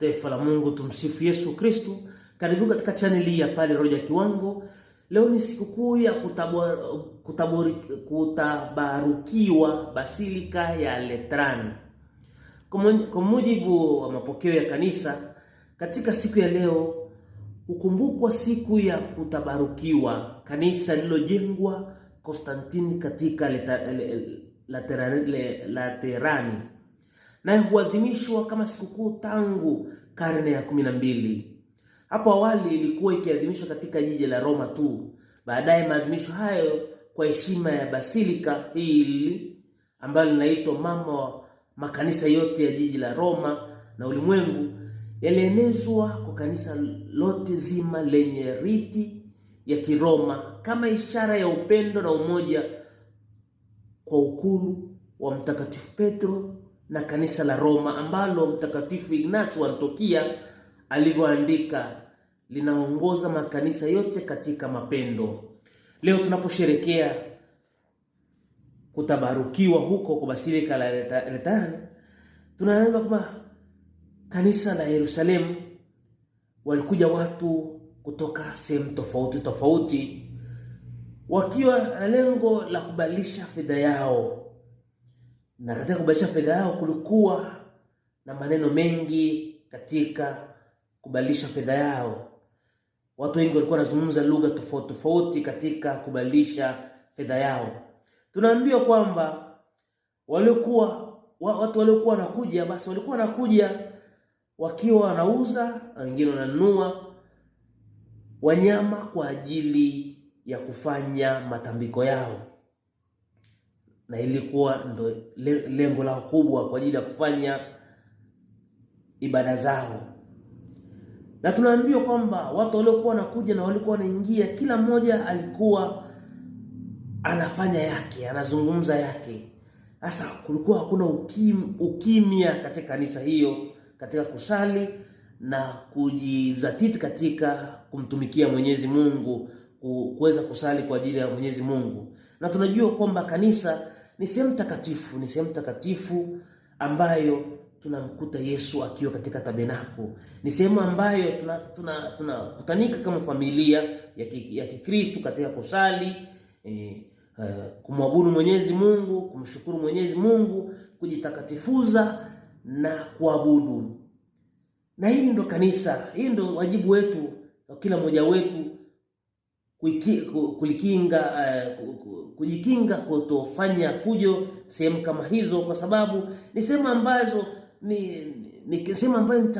Taifa la Mungu, tumsifu Yesu Kristo. Karibu katika chaneli ya Padre Roger Kiwango. Leo ni sikukuu ya kutabarukiwa Basilika ya Letran. Kwa mujibu wa mapokeo ya kanisa, katika siku ya leo hukumbukwa siku ya kutabarukiwa kanisa lililojengwa Konstantini katika Laterani naye huadhimishwa kama sikukuu tangu karne ya 12 Hapo awali ilikuwa ikiadhimishwa katika jiji la Roma tu. Baadaye maadhimisho hayo kwa heshima ya basilika hili ambalo linaitwa mama wa makanisa yote ya jiji la Roma na ulimwengu yalienezwa kwa kanisa lote zima lenye riti ya Kiroma kama ishara ya upendo na umoja kwa ukuru wa Mtakatifu Petro na kanisa la Roma ambalo Mtakatifu Ignasi wa Antiokia alivyoandika linaongoza makanisa yote katika mapendo. Leo tunaposherekea kutabarukiwa huko kwa Basilika la Laterani, tunaambiwa kwamba kanisa la Yerusalemu walikuja watu kutoka sehemu tofauti tofauti wakiwa na lengo la kubadilisha fedha yao na katika kubadilisha fedha yao kulikuwa na maneno mengi. Katika kubadilisha fedha yao, watu wengi walikuwa wanazungumza lugha tofauti tofauti katika kubadilisha fedha yao. Tunaambiwa kwamba wa, watu waliokuwa wanakuja, basi walikuwa wanakuja wakiwa wanauza, na wengine wananunua wanyama kwa ajili ya kufanya matambiko yao na ilikuwa ndo lengo lao kubwa kwa ajili ya kufanya ibada zao. Na tunaambiwa kwamba watu waliokuwa wanakuja na walikuwa wanaingia, kila mmoja alikuwa anafanya yake, anazungumza yake. Sasa kulikuwa hakuna ukim, ukimya katika kanisa hiyo, katika kusali na kujizatiti katika kumtumikia Mwenyezi Mungu, kuweza kusali kwa ajili ya Mwenyezi Mungu, na tunajua kwamba kanisa ni sehemu takatifu, ni sehemu takatifu ambayo tunamkuta Yesu akiwa katika tabenako Ni sehemu ambayo tunakutanika tuna, tuna kama familia ya Kikristu katika kusali e, e, kumwabudu Mwenyezi Mungu, kumshukuru Mwenyezi Mungu, kujitakatifuza na kuabudu. Na hii ndo kanisa, hii ndo wajibu wetu, kila mmoja wetu kulikinga uh, eh, kujikinga kutofanya fujo sehemu kama hizo, kwa sababu ni sehemu ambazo ni, ni sehemu ambayo